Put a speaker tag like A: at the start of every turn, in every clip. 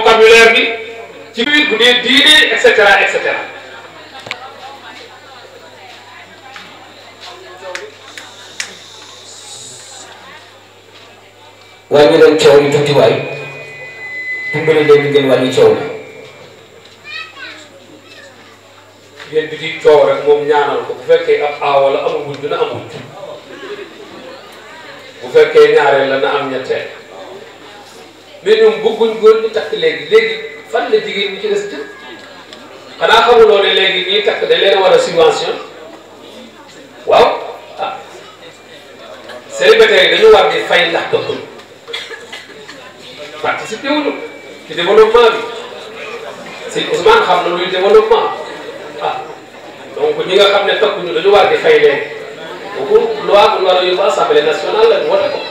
A: vocabulaire bi ci biir bu dee diine et cetera et cetera wàññi leen coow yi tuuti waay dimbali leen ñu ngeen wàññi coow bi yéen bi di coow rek moom ñaanal ko bu fekkee ab aawala amagul dina amul bu fekkee ñaareel la na am ñetteel mais ñoom bëgguñ góor ñu takk léegi léegi fan la jigéen ñi ci des jëm xanaa xamuloo ne léegi ñuy takk dañ leen war a subvention waaw ah célibataire yi dañu war di fay ndax dëkkuñu participer wuñu ci développement bi sëñ Ousmane xam na luy développement ah donc ñi nga xam ne takkuñu dañu war di fay léegi boobu loi bu war a yóbbu assemblée nationale la ñu wote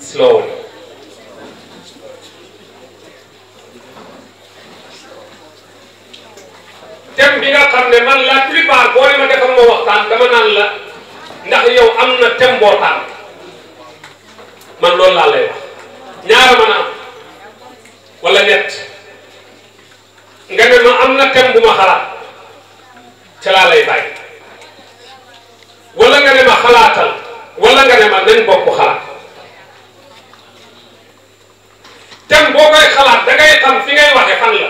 A: slowly. thème bi nga xam ne man la plupart boo ma defal ma waxtaan dama naan la ndax yow am na thème boo man loolu laa lay wax ñaara ma naan wala nga ne ma am na thème bu ma ca laa lay bàyyi nga ne ma xalaatal. wala nga ne ma nañ bokk xalaat tem boo koy xalaat da ngay fi ngay waxe fan la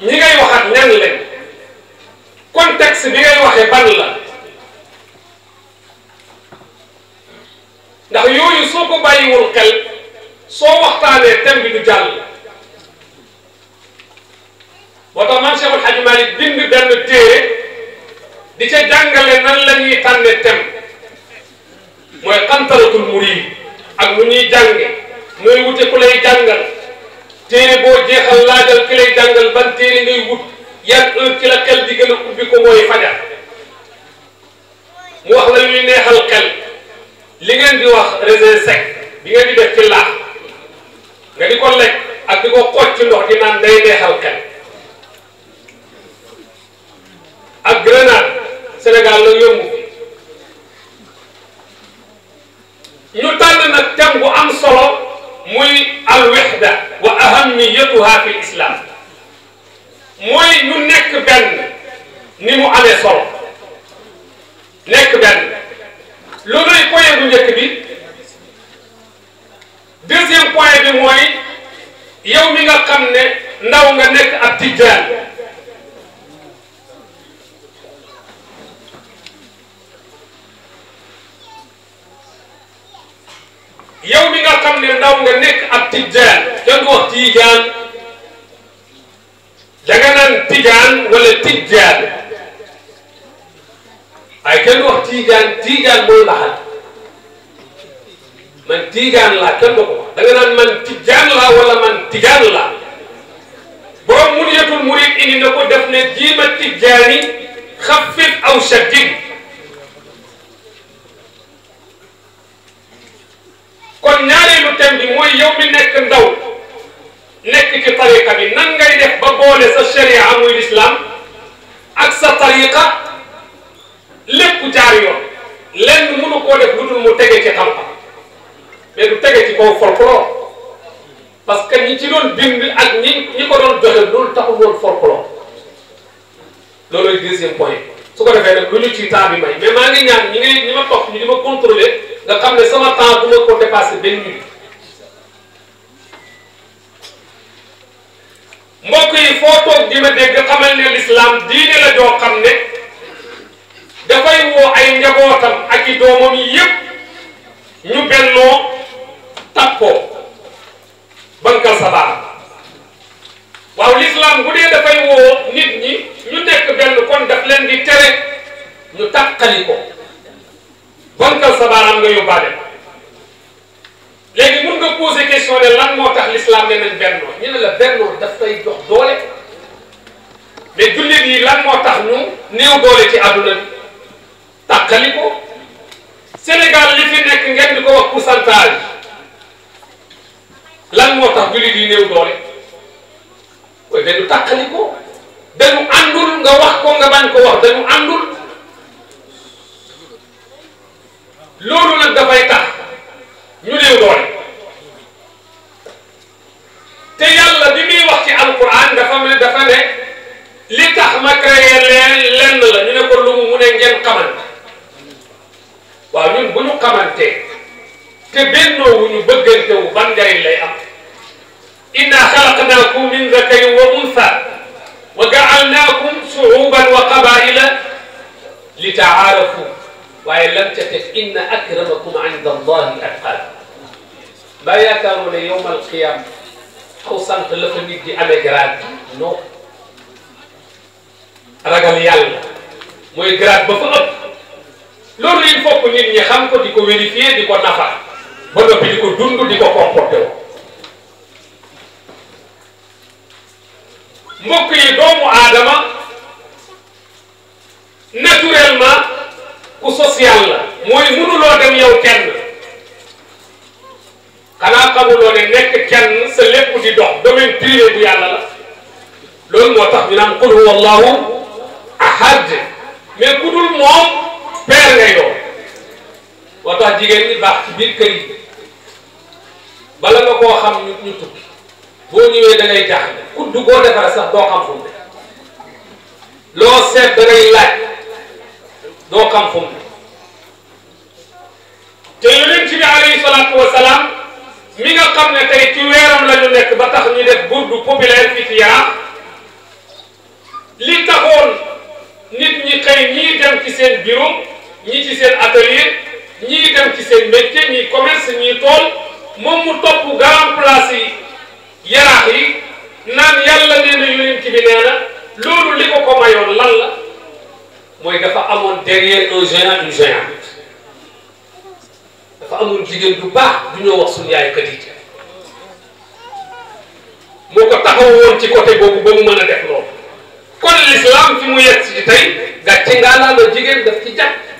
A: ñi ngay waxat ñan leen contexte bi ngay waxe ban la ndax yooyu soo ko bàyyiwul xel soo waxtaanee thème bi du jàll moo tax man Cheikh El Hadj Malick bind benn téere di ca jàngale nan la ñuy tànne thème mooy xantaratul murid ak lu ñuy jànge mooy wute ku lay jàngal téere boo jeexal laajal ki lay jàngal ban téere ngay wut yan heure ci la di gën a ko mooy fajar mu wax la neexal xel li nga di wax raisin sec bi ngeen di def ci laax nga di ko lekk ak di ko xooj ndox di naan day neexal xel ak grenade Sénégal la yomb ñu tànn nag thème bu am solo muy alwixda wa ahamiyatuha fi islam mooy ñu nekk benn ni mu amee solo nekk benn looluy point bu njëkk bi deuxième point bi mooy yow mi nga xam ne ndaw nga nekk ab tijjaan yow mi nga xam ne ndaw nga nekk ab tijjaan kenn wax tijjaan danga naan tijjaan wala tijjaan ay kenn wax tijjaan tijjaan booy laxal man tijjaan laa kenn du ko wax man tijjaan laa wala man tijjaan laa borom Munyatul Murid na ko def ne jiima tijjaani xafif aw shaddid kon ñaareelu thème bi mooy yow mi nekk ndaw nekk ci tariqa bi nan ngay def ba boole sa sharia muy lislaam ak sa tariqa lépp jaar yoon lenn mënu koo def lu dul mu tege ci xam-xam mais du tege ci kaw folklore parce que ñi ci doon bind ak ñi ñi ko doon joxe loolu taxul woon folklore loolu deuxième point su ko defee nag lu ñu ci temps bi may maa ngi ñaan ñi ngi ñi ma topp ñu di ma contrôler nga xam ne sama temps du ma ko dépasser benn minute mbokk yi foo toog di ma dégg xamal ne l'islam diine la joo xam ne dafay woo ay njabootam ak i doomam yi ñu bennoo tappoo bankal waaw lislaam bu dee dafay woo nit ñi ñu nekk benn kon daf leen di tere ñu tàqali ko bonkal sa baaraam nga yóbbaale léegi mun nga poser question ne lan moo tax lislaam ne nañ bennoo ñu ne la bennoo dafay jox doole mais jullit yi lan moo tax ñu néew doole ci àdduna bi tàqali ko Sénégal li fi nekk ngeen di ko wax pourcentage lan moo tax jullit yi néew doole koy dañu tàqali ko dañu àndul nga wax ko nga bañ ko wax dañu àndul loolu nag dafay tax ñu néew doole te yàlla bi muy wax ci alquran dafa ne dafa ne li tax ma créé leen lenn la ñu ne ko lu mu mu ne ngeen xamante waaw ñun bu ñu xamante te bennoo wu ñu bëggante wu ban njariñ lay am إنا خلقناكم من ذكر وأنثى وجعلناكم شعوبا وقبائل لتعارفوا waaye lam ca teg inna akramakum inda allahi atqaakum ba yaakaaru ne yowm alqiyama aw sant la fa nit di amee grade non ragal yàlla mooy grade ba fa ëpp loolu il faut que nit ñi xam ko di ko vérifier di ko nafa ba noppi di ko dund di ko comporté wo mbokk yi doomu aadama naturellement ku social la mooy mënuloo dem yow kenn xanaa xamuloo ne nekk kenn sa lépp di dox domaine privé bu yàlla la loolu moo tax ñu naan qul huwa allahu ahad mais ku dul moom père ngay doon moo tax jigéen ñi ci biir kër yi bala nga koo xam ñu ñu tukki boo ñëwee da ngay jaaxle kudd boo defar sax doo xam fu mu ne loo seet da laaj doo xam fu mu ne te yonent bi alayhi salaatu wa salaam nga xam ne tey ci weeram la nekk ba tax ñu def burdu populaire fii ci Yaraax li taxoon nit ñi xëy ñii dem ci seen bureau ñii ci seen atelier ñii dem ci seen métier ñii commerce ñii tool moom mu topp grand place yaraax yi naan yàlla nee na yonent bi nee na loolu li ko ko mayoon lan la mooy dafa amoon derrière un géant une géante dafa amoon jigéen bu baax du ñoo wax yaay Khadija moo ko taxaw woon ci côté boobu ba mu na def loolu kon l'islam fi mu yegg si tey gàcce ngaa laa la jigéen daf ci jàpp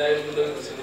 A: that is not the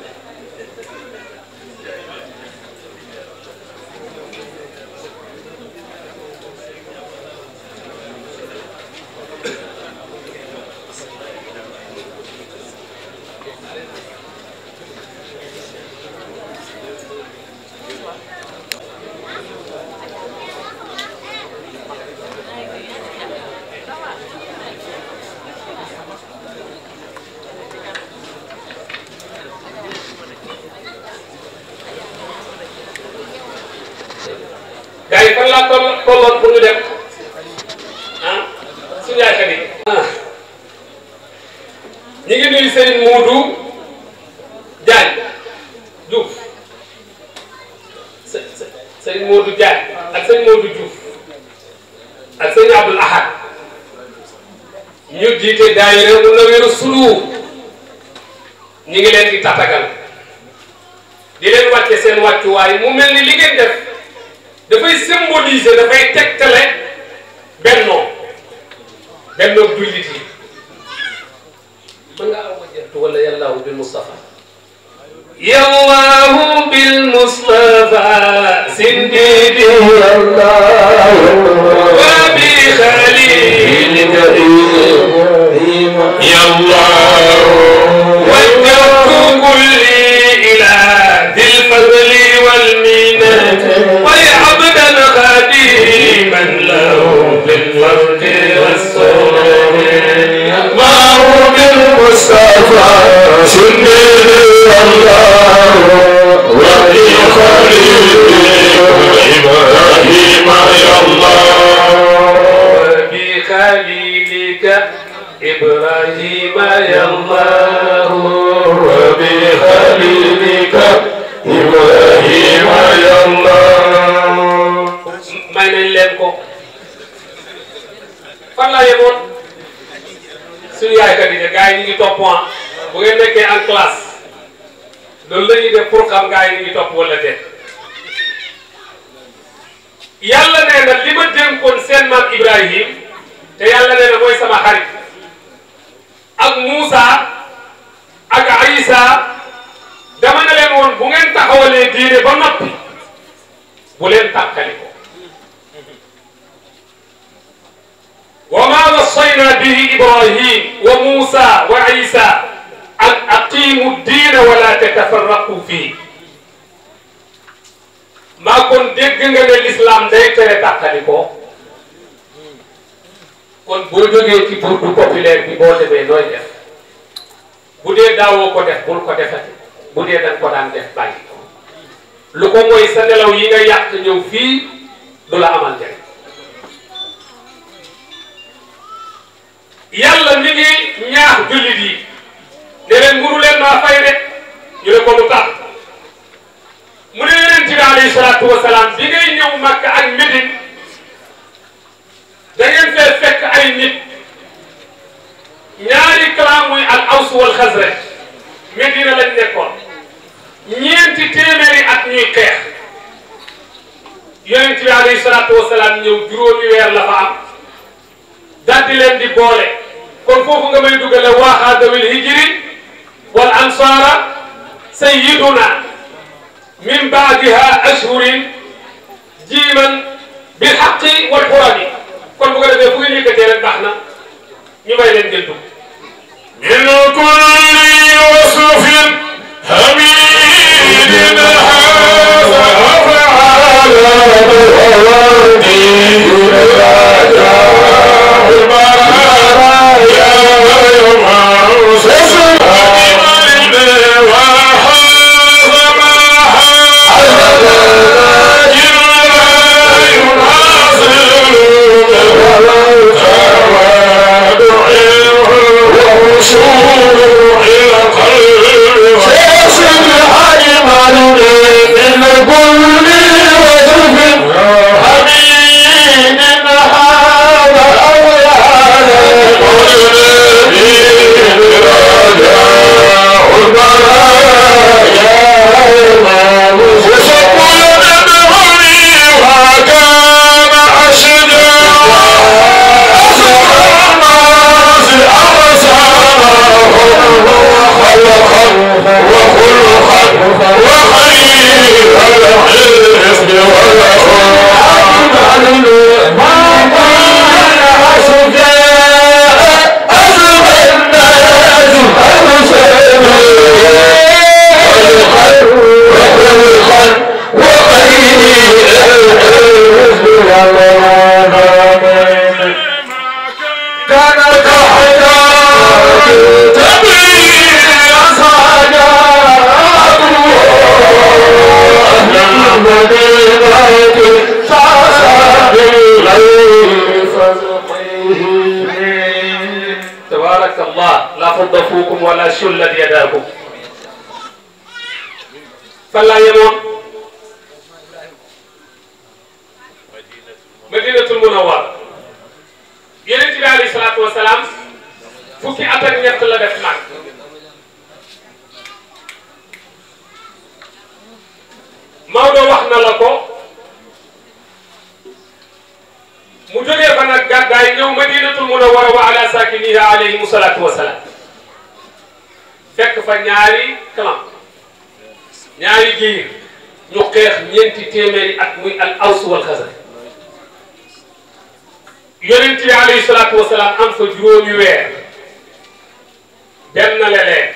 A: ngoon pour ñu dem ah suñu yaay xarit ñu ngi nuyu Serigne Modou Diagne Diouf Serigne Modou Diagne ak Serigne Modou Diouf ak Serigne Abdoul Ahad ñu jiite daayira mu naweeru suluur ñu ngi leen di tatagal di leen wàcce seen wàccuwaay mu li ngeen def dafay symboliser dafay tegtale bennoo bennoo jullit yi mën nga aw wala yàllaahu bil Mustafa yàllaahu bil Mustafa sindidi fan laa yemoon suñu yaay Khadija gars yi ñu ngi topp point ah. bu ngeen nekkee en classe loolu la ñuy def pour xam ngaa yi ñu topp wala déet yàlla nee na li ma dénkoon seen maam Ibrahim te yàlla nee na mooy sama xarit ak Moussa ak Aïssa dama ne leen woon bu ngeen taxawalee diine ba noppi bu leen tàqali ko wa maa wasaynaa bihi Ibrahim wa Moussa wa Aïssa an aqimu diina wala tatafarraqu fii maa kon dégg nga ne l'islam day tere tàqali ko kon boo jógee ci burdu populaire bi boo demee nooy def bu dee daawoo ko def bul ko defati bu dee dañ ko daan def bàyyi lu ko mooy sa nelaw yi nga yàq ñëw fii du la amal njëriñ yàlla mi ngi ñaax jullit yi ne leen munu leen maa fay de ñu ne ko lu tax mu ne yonent bi alayhi salaatu wasalaam bi ngay ñëw Makka ak Médine da fee fekk ay nit ñaari clan muy al aws wal xasraj Médina lañ ñeenti téeméeri at ñuy xeex yonent bi alayhi salaatu wasalaam ñëw juróomi weer la fa am daal leen di boole kon foofu nga may dugale waaxaa dawil hijri والأنصار سيدنا من بعدها أشهر جيما بالحق والحرم كل بوغا ديفو لي كتير البحنا داخنا ني باي من كل وصف حميد هذا فعل Bye. يداكم فلا يمون مدينة المنورة يونس بي عليه الصلاة والسلام فكي أتاك نيت wa ala saakiniha wa fekk fa ñaari clan ñaari jiir ñu xeex ñeenti téeméeri at muy al aws wal xasar yonent bi alayhi salaatu wasalaam am fa juróomi weer dem na leleen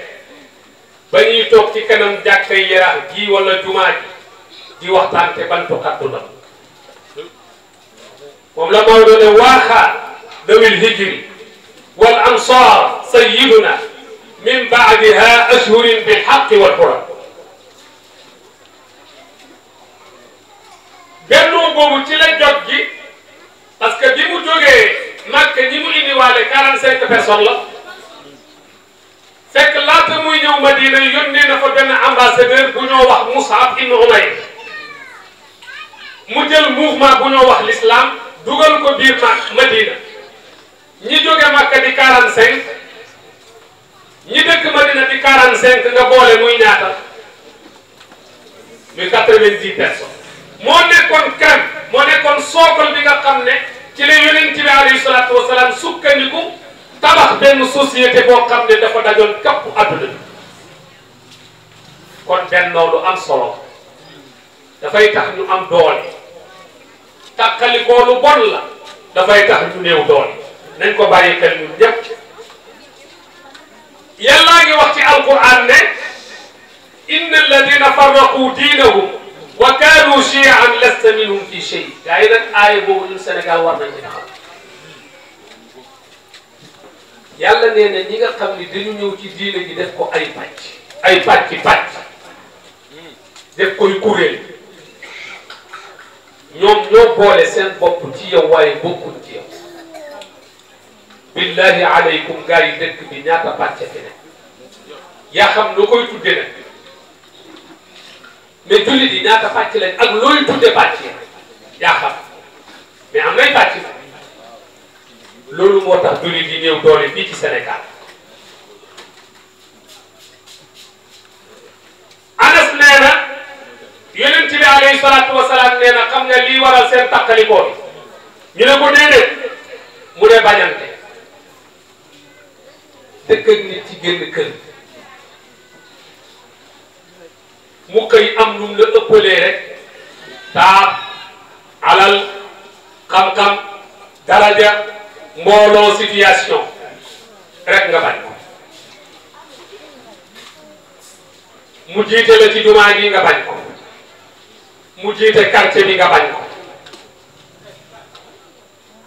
A: ba ñuy toog ci kanam jàkkay yaraax ji wala jumaa ji di waxtaan te bantu kàddu la moom la Maodo ne waaxaa dawil hijri wal ansaar sayyiduna min baadiha ashhurin bilxaqi walxura bennoo boobu ci la jot gi parce que bi mu jógee Makka ñi mu indiwaale quarante cinq personnes la fekk laata muy ñëw Madina yónnee na fa benn ambassadeur bu ñoo wax Mus'ab ibn Umayr mu jël mouvement bu ñoo wax l'islam dugal ko biir Makka Madina ñi jóge Makka di quarante cinq ñi dëkk Madina bi 45 nga boole muy ñaata muy 90 personnes moo nekkoon crème moo nekkoon sookol bi nga xam ne ci la yonent bi alayhi salaatu wasalaam sukkandiku tabax benn société boo xam ne dafa dajoon kapp adduna bi kon benn loolu am solo dafay tax ñu am doole tàqali ko lu bon la dafay tax ñu néew doole nañ ko bàyyi xel ñun ñëpp. يا يلا يوحي القرآن إن الذين فرقوا دينهم وكانوا شيعا لست منهم في شيء دائما آية بقول الإنسان قال ورنا من خلق يلا نينا نيغا قبل دينو نيوتي دينا يدفكو أي باك أي باك باك دفكو يكوري نيوم نيوم بولي سين يا تيا واي بوكو يا billahi aleykum gars yi dëkk bi ñaata pàcc ne yaa xam noo koy tudde nag mais jullit yi ñaata pàcc lañ ak looy tudde pàcc yi yaa xam mais am nay loolu moo tax jullit yi néew doole fii ci Sénégal Anas nee na yonent bi alayhi salaatu wasalaam nee na xam lii waral seen tàqalikoo bi ñu mu ne bañante dëkk ak nit ci génn kër mu koy am lu mu la ëppalee rek taar alal xam-xam daraja mbooloo situation rek nga bañ ko mu jiite la ci jumaa ji nga bañ ko mu jiite quartier bi nga bañ ko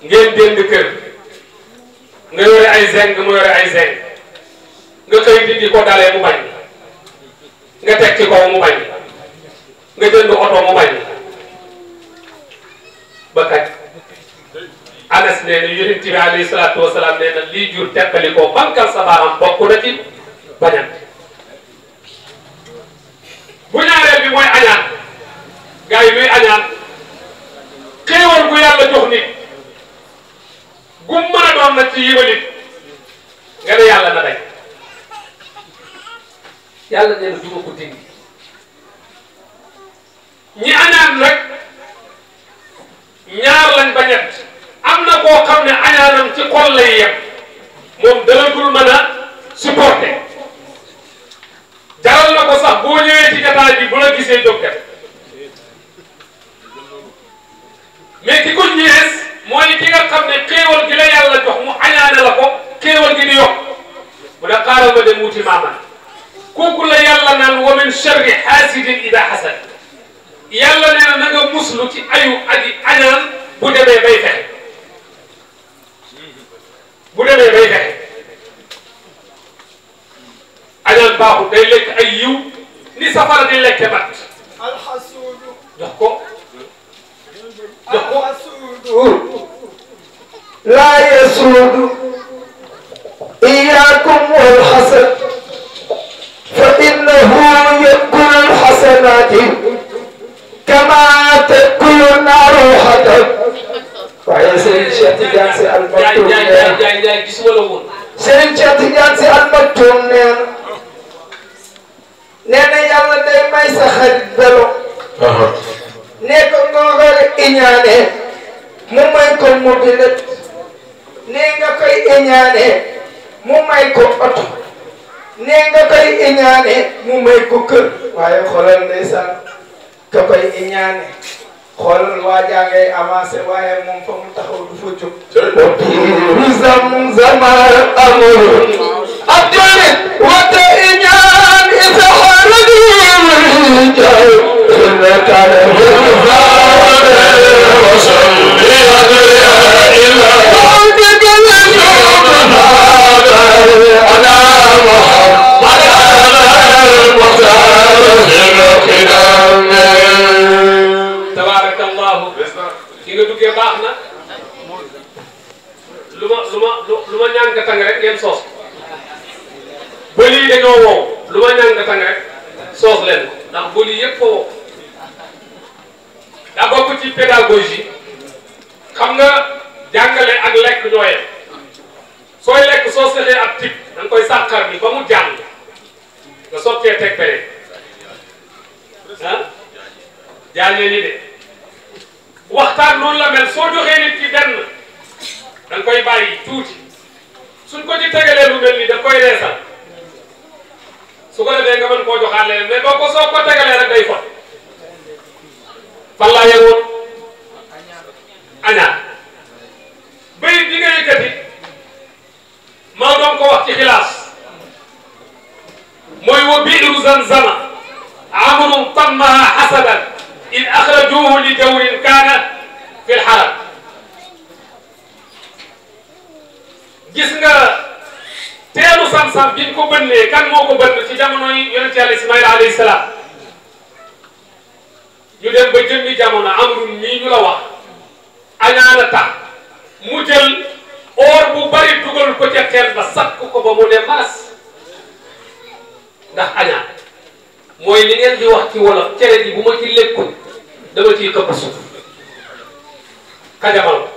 A: ngeen dénd kër nga yore ay zeng mu yore ay zeng nga xëy di ko dalee mu bañ nga teg ci kaw mu bañ nga jënd oto mu bañ ba kañ anas nee na yonent bi alayhi salaatu wasalaam nee na lii jur teqali ko bankal sa baaram bokk na ci bañan bu ñaareel bi mooy añaan gars yi luy añaan xéewal gu yàlla jox nit gum mën a doon nag ci yiwa nit nga ne yàlla na yàlla nee na du ma ko dindi ñi añaan rek ñaar lañ ba am na koo xam ne añaanam ci xol lay yem moom dalatul mën a supporter jaral na ko sax boo ñëwee ci jataay bi bu la gisee jóg def mais ki ko ñees mooy ki nga xam ne xéewal gi la yàlla jox mu añaane la ko xéewal gi di yokk mu ne xaaral ma dem wuti maama كوكولا يالا نال ومن شر حاسد اذا حسد يالا نال نغا مسلو تي ايو ادي انان بو ديبي باي فخ بو ديبي باي فخ انان باخو داي ليك ايو ني سفر دي ليك بات الحسود دكو دكو الحسود لا يسود إياكم والحسد إنه يأكل الحسنات كما تأكل النار حطب waaye Serigne Cheikh Tidiane Sy Al Maktoum neen Serigne Cheikh Tidiane Al Maktoum neen nee na yàlla day may sa xarit belo ne ko nga war a mu may ko mobilette ne nga koy iñaane mu may ko oto nee nga koy iñaane mu may ko waaye xoolal ndeysaan ka koy iñaane xoolal waa jaa ngay avancé waaye moom fa mu taxaw du fa jóg
B: mu zam zama
A: amul ab joorit wata iñaan isa xaaradi jaay sunnatale zam zama amamu tammaha hasadan in akhrajuhu li jawrin kana fil haram gis nga telu sam sam biñ ko bënné kan moko bënd ci jamono yi yaronte yalla ismaila alayhi salam ñu dem ba jëmmi jamono amru ni ñu la wax or bu bari dugal ko ci xel ba sakku mas ndax mooy li ngeen di wax ci wolof cere ji bu ma ci lekkul dama ciy këpp suuf xajamal ko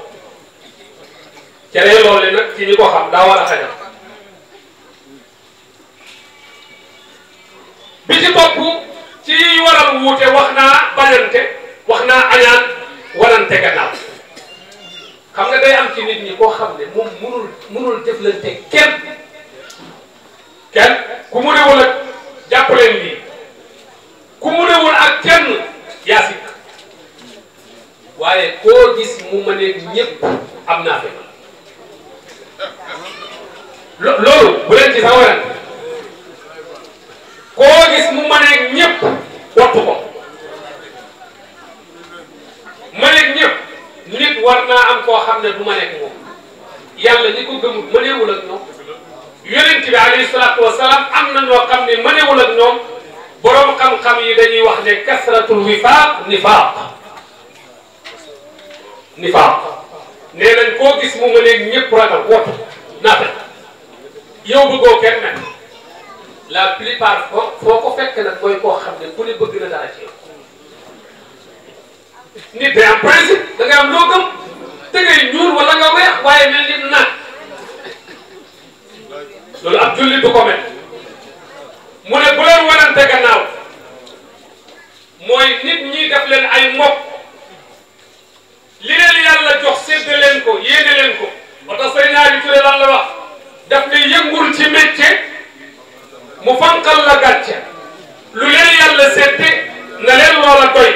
A: cere loole nag ci ñi ko xam daa war a xajam bi ci bopp ci yiy waral wuute wax naa bañante wax naa añaan warante gannaaw xam nga day am ci nit ñi koo xam ne moom munul munul jëflante kenn kenn ku mu ne wala jàpp leen nii ku mu newul ak kenn yaa waaye koo gis mu mënee ñëpp am naa fekk lo bu leen ci sa waral koo gis mu mënee ñëpp wattu ko mënee ñëpp nit war naa am koo xam ne du mënee moom yàlla ñi ko gëmul mëneewul ak ñoom yonent bi alayhi salaatu wa salaam am na ñoo xam ne mëneewul ak ñoom. بروم خم خم يدني وحده كثرة الوفاق نفاق نفاق نيلن كو جيس مو مليك نيب رانا كوت يوم يو بوغو كين لا بلي بار فوكو فك نا كوي كو خم دي كولي بوغ نا داجي ني بي ام برينس دا غا ام لوغم تيغي نور ولا غا ويخ واي ملي نا لول ابدولي بوكو ميت mu ne bu leen wanante gannaaw mooy nit ñi def leen ay mbokk li leen yàlla jox sédd leen ko yéene leen ko ba tax say naa bi tudde la wax daf ne yëngul ci métier mu fanqal la gàcce lu leen yàlla sédde na leen loola doy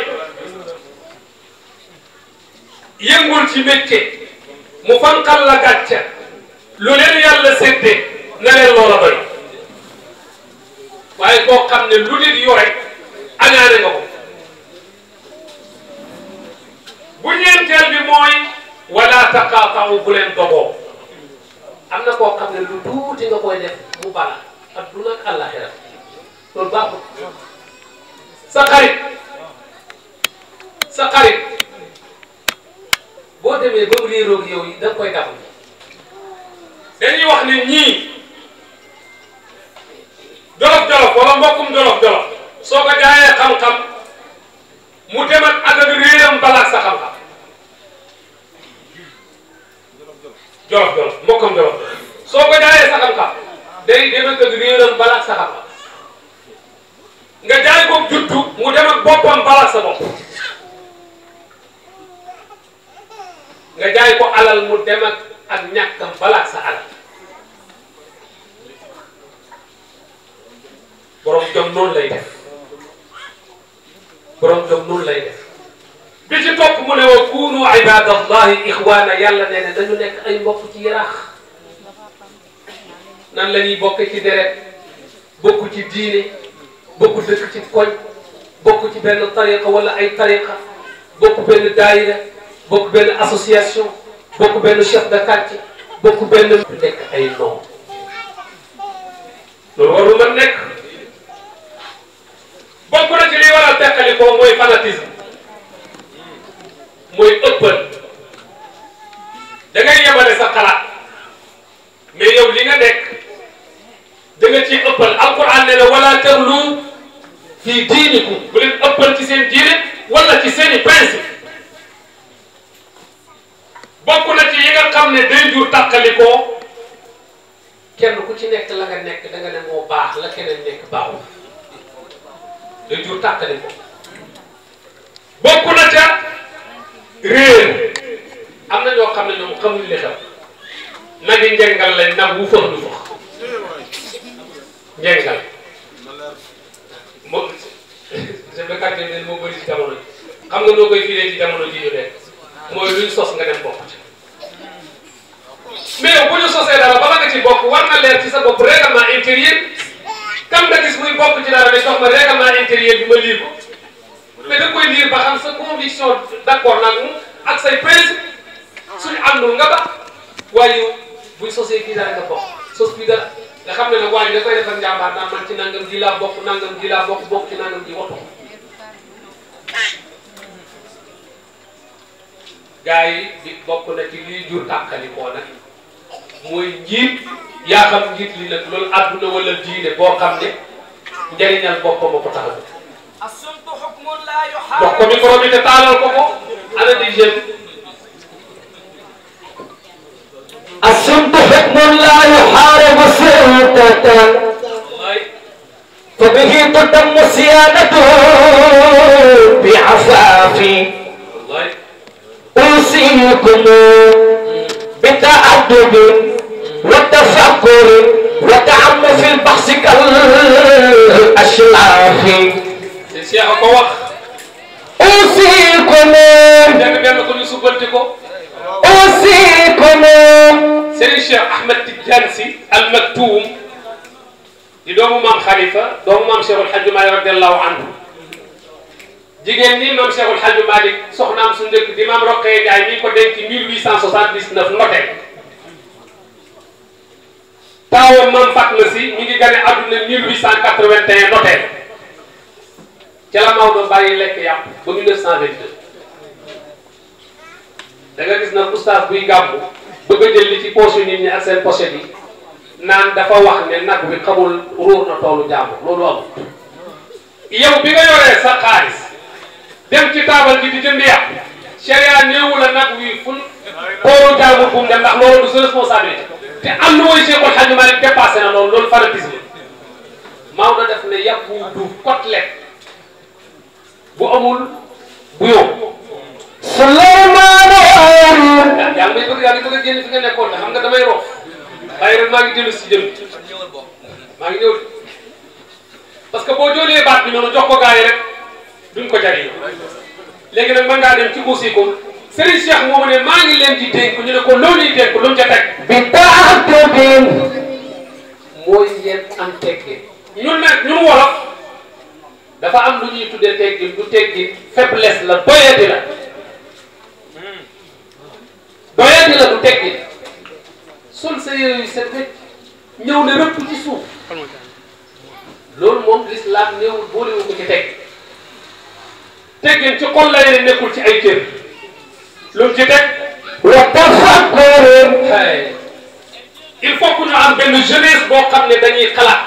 A: yëngul ci métier mu fanqal la gàcce lu leen yàlla sédde na leen loola doy waaye koo xam ne lu nit yore añaane nga ko bu ñeenteel bi mooy wala taqaataw bu leen dogoo am na koo xam ne lu tuuti nga koy def mu bala adduna ak àllaxira loolu baaxul sa xarit sa xarit boo demee ba mu réeroog yow yi da nga koy dàqu dañuy wax ne ñii jolof jolof wala mbokkum jolof jolof soo ko jaayee xam-xam mu dem ak àdduna réeram balaa sa xam jolof jolof mbokkum jolof soo ko jaayee sa xam-xam day dem ak réeram balaa sa xam-xam nga jaay ko mu dem ak boppam balaa sa bopp nga ko alal mu dem ak ak ñàkkam balaa sa borom jom noonu lay def borom jom noonu lay def bi ci topp mu ne wa kuunu ibadallahi ixwaana yàlla nee na dañu nekk ay mbokk ci yaraax nan la ñuy bokke ci deret bokk ci diine bokk dëkk ci koñ bokk ci benn tariqa wala ay tariqa bokk benn daayira bokk benn association bokk benn chef de quartier bokk benn nekk ay noon loolu warul mën nekk bokk na ci liy waral ko mooy fanatisme mooy ëppal da ngay yemale sa xalaat mais yow li nga nekk da nga ciy ëppal alquran ne la wala terlu fii diiniku bu leen ëppal ci seen diine wala ci seen i principe bokk na ci yi nga xam ne day jur tàqali ko kenn ku ci nekk la nekk da nga ne moo baax la keneen nekk baaxul. day jur tàqale ko bokk na ca réer am na ñoo xam ne ñoom xamuñ li xew nag yi njëngal lañ nag wu fëx du fëx njëngal moom chef de quartier bi moo bëri ci jamono ji xam nga noo koy firee ci jamono ji ñu nekk mooy sos nga dem bokk ci mais bu ñu sosee dara bala nga ci bokk war na leer ci sa bopp kam nga gis muy bokk ci dara ne jox ma règlement intérieur bi ma liir ko te da koy liir ba xam sa conviction d'accord nag na ak say principe suñu àndul nga ba waaye buy sosee kii daal nga bokk sos bi nga xam na nag waaye da koy defar njàmbaar naa man ci nangam ji laa bokk nangam ji laa bokk bokk ci nangam ji waxtu gars yi di bokk na ci liy jur tàqali koo nag mooy njiit يا خم جيت لي لطول أبنا ولا جيل بوا خم لي جري نال بوا كم بوا تعال بوا كم يكون من تعال بوا كم أنا ديجيم أسمت حكم لا يحارب سلطة فبه تتم سيادته بعفافي أوصيكم بتأدب قر وتعم في البحث كالاشلاف اوصيكم اوصيكم سيدي الشيخ احمد التجانسي المكتوم دوم مام خليفه دوم مام شيخ الحاج مالك رضي الله عنه جيجن مام شيخ الحاج مالك سخنام سندك ديمام رقي جاي ني 1879 نوتي taawam maam Fatma si ñu ngi gane àdduna 1881 noteel ca la Maodo bàyyi lekk yàpp ba 1922 da nga gis nag oustaz buy gàmmu bëgg a jël wax ne nag bi xamul ruur na toolu jaamu loolu amul yow bi nga yoree sa xaalis dem ci taabal ji di jënd yàpp sharia néewu nag wi ful toolu jaamu bu mu dem ndax loolu du sa te am na mooy Cheikh Alhaji Malick dépassé na loolu loolu fanatisme Maodo def ne yàpp du côtelette bu amul bu yow. Souleymane Ayane. yaa yaa bëgg yaa ngi bëgg a génn fi nga nekkoon xam nga damay roof waaye ren maa ngi dellu si jëm maa ngi ñëw parce que boo joolee baat bi noonu jox ko gars yi rek duñ ko jariñ léegi nag mën ngaa dem Serigne Cheikh moo ne maa ngi leen di ku ñu ne ko loolu ñuy dénk lu mu ca teg. bi taa tëddee. mooy ngeen am teggin. ñun nag ñun wolof dafa am lu ñuy tuddee teggin du teggin faiblesse la doyati la hmm. doyati la du teggin sol sa yére yu set rek ñëw ne rëpp ci suuf loolu moom l'islam néew boolewu ko ci teg teggin ci xol la nekkul ci ay kër. lu ci teg. wa tafakkurun. il faut que ñu am benn jeunesse boo xam ne dañuy xalaat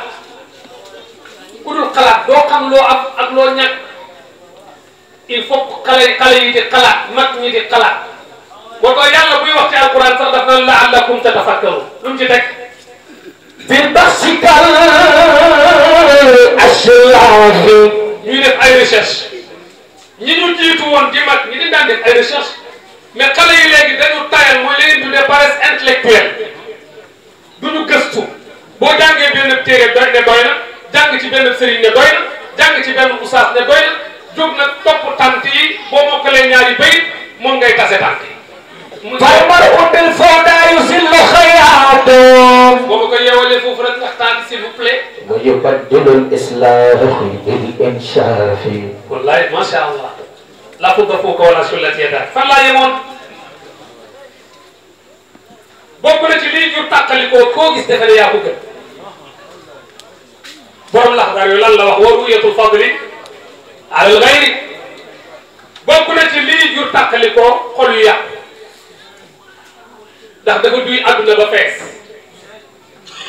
A: ku dul xalaat doo xam loo am ak loo ñàkk il faut que xale xale yi di xalaat mag ñi di xalaat boo ko yàlla buy wax ci alquran sax daf naan la'allakum tatafakkarun lu mu ci teg. bi basikal aslaafi. ñuy def ay recherche ñi ñu jiitu woon di mag ñi di daan def ay recherche. mais xale yi léegi dañu tayal mooy li ñuy tuddee paresse intellectuelle duñu gëstu boo jàngee benn téere doy ne doy na jàng ci benn sëriñ ne doy na jàng ci benn ustaas ne doy na jóg nag topp tànk yi boo mokkalee ñaari béy moom ngay tase tànk yi. mu boo ko yeewalee foofu rek waxtaan s'il vous plaît. mu yóbbaat jëloon islam. wallaay macha allah. laa kubbakuuka wala sullat yadaak fan laa yemoon bokk na ci lii jur tàqalikoo koo gis defe ne borom laxdar yu lan la wax wa ruyatul fadli ala al gayri bokk ci lii jur tàqalikoo xol yu yàqu ndax dafa duy àdduna ba fees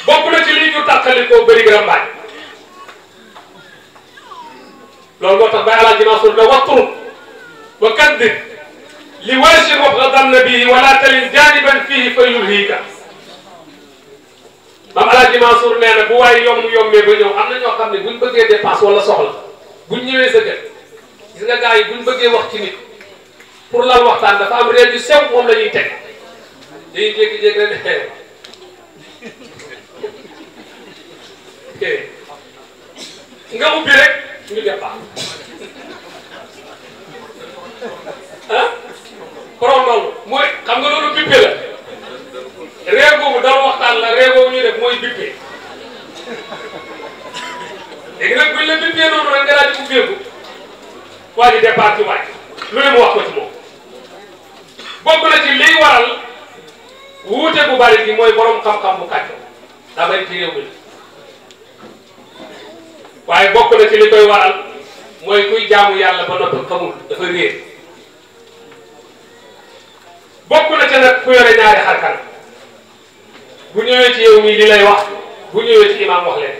A: bokk ci lii jur tàqalikoo bëri gërëm baaj loolu moo tax bay alaaji Mansour ne waxtu وكذب لواجه مبغض النبي ولا تلن جانبا فيه فيلهيك maam Alaaji Mansour nee na bu waaye yomb yombee ba ñëw am na ñoo xam ne buñ bëggee dépasse wala soxla buñ ñëwee sa kër gis nga gars yi buñ bëggee wax ci la pour lal waxtaan dafa am réer yu sew moom la ñuy teg dañuy jékki-jékki rek ne nga ubbi rek ñu dépasse ah borom loolu mooy xam nga loolu bippe la réew boobu daal waxtaan la réew boobu ñu def la bippee noonu rek nga daal di ubbeeku waa ji départ ci ne mu wax ko ci moom bokk na ci liy waral wuute bu bari bi mooy borom xam-xam bu kàcco daa bari ci réew mi waaye bokk na ci li mooy kuy jaamu yàlla ba noppi xamul dafa réer bokk na ca nag ku yore ñaari xar kanam bu ñëwee ci yow mii li lay wax bu ñëwee ci imaam wax leen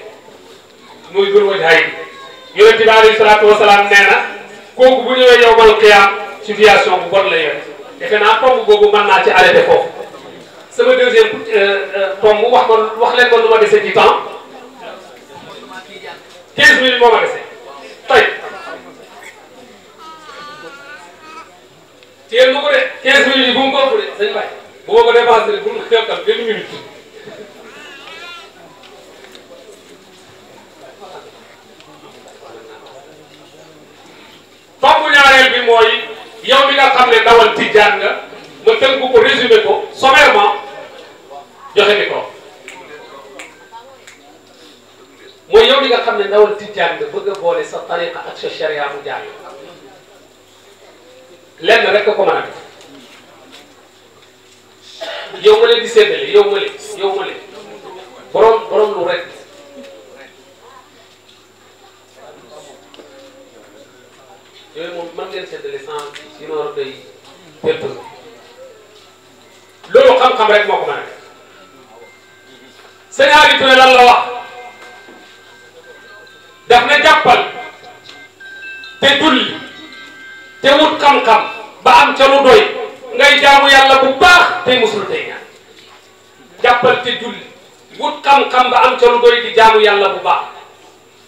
A: muy dur wajhaay yonent bi alayhi salaatu wasalaam nee na kooku bu ñëwee yowmal qiyaam situation bu bon la yore defe naa tomb boobu mën naa ci arrêté foofu sama deuxième euh, euh, tomb wax ko wax leen ko lu ma dese ci temps 15 minutes moo teel ma ko de 15 minutes yi bu mu ko ëpp de sëñ Baye bu ma ko dépassé de bu mu xeebtal benn minute tomb ñaareel bi mooy yow mi nga xam ne ndawal tijaan nga nga tënk ko résumé ko sommairement joxe ni ko mooy yow mi nga xam ne ndawal tijaan nga bëgg a boole sa tariqa ak sa charia mu jaar lenn rek ko mën a def di séddale yow ma leen yow ma leen borom borom lu rek yooyu moom mën ngeen séddale sans day perte loolu xam-xam rek moo ko mën a def sëñ Habib te wut xam-xam ba am ca lu doy ngay jaamu yàlla bu baax tey musul tey te julli wut xam-xam ba am ca doy di jaamu yàlla bu baax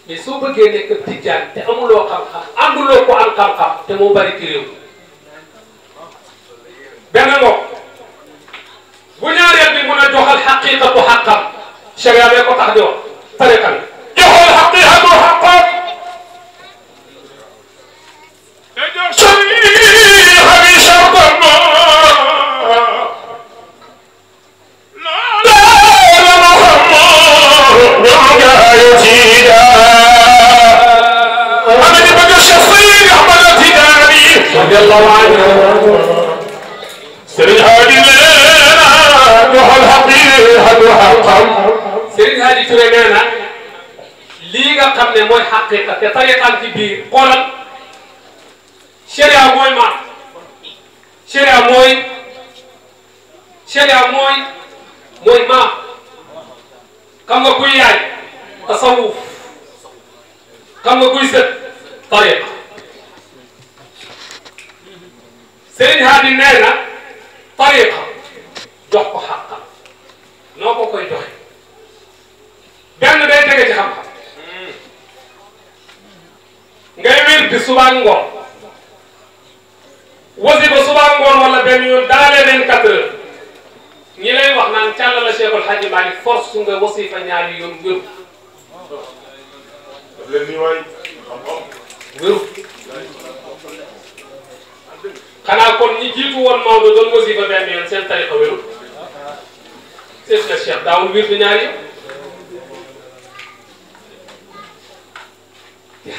A: mais soo bëggee nekk tijjaan te amuloo xam-xam ànduloo ko am xam-xam te moo bari ci réew benn ngoog bu ñaareel bi mun a joxal xaqiiqatu xaqam sharia bee ko tax di wax tariqan joxal xaqiiqatu xaqam mooy xaqiqa te tariqaan ci biir xoolal sharia mooy maat sharia mooy sharia mooy mooy maat xam nga kuy yaay tasawuf xam nga kuy sët tariqa Sëriñ Haadi nee na tariqa jox ko xàqam noo ko koy joxe benn day tege ci xam-xam hmm. ngay wér di suba ngoon wasi ba subaa ngoon wala benn yoon daalee leen quatre heures ñi wax naan càll la Cheikhul Hadji Malick force su nga wasifa ñaari yoon wéru daf leen ni waay xam-xam wéru xanaa kon ñi jiitu woon Maodo doon wasifa benn yoon seen tariqa wéru c'est que Cheikh daawul wér di ñaari yoon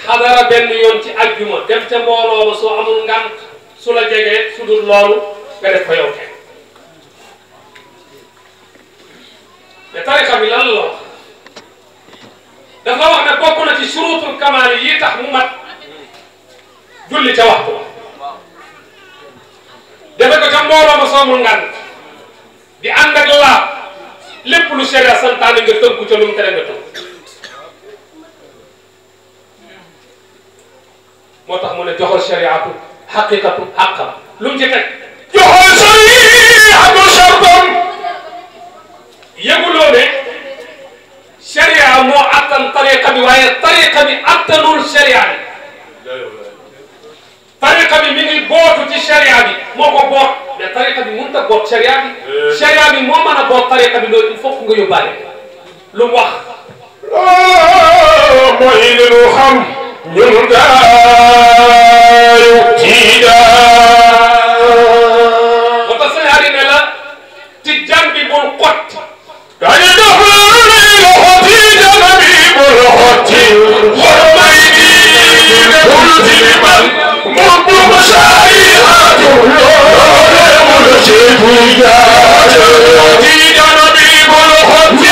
A: xadara benn yoon ci àjjuma dem ca mbooloo ba soo amul su la jegee su dul loolu nga def ko yow kenn mais tarixa bi lan la wax dafa wax ne bokk na ci surutul kamaal yi tax mu mat julli ca waxtu defe ko ca mbooloo ma soomul ngan di ànd ak laab lépp lu sharia santaane nga tënku ca lu mu tere nga tënku moo tax mu ne joxal shariatu xaqiqatu xaqam lu mu ci teg joxoon sori ado sartam yëguloo ne sharia moo attan tariqa bi waaye tariqa bi attanul sharia bi tariqa bi mi ngi bootu ci sharia bi moo ko boot mais tariqa bi mënut a boot sharia bi eh. sharia bi moo mën a boot tariqa bi loolu il faut nga yóbbaale lu mu wax mooy li ñu xam ñun daayu يا جودي يا نبي الخطيب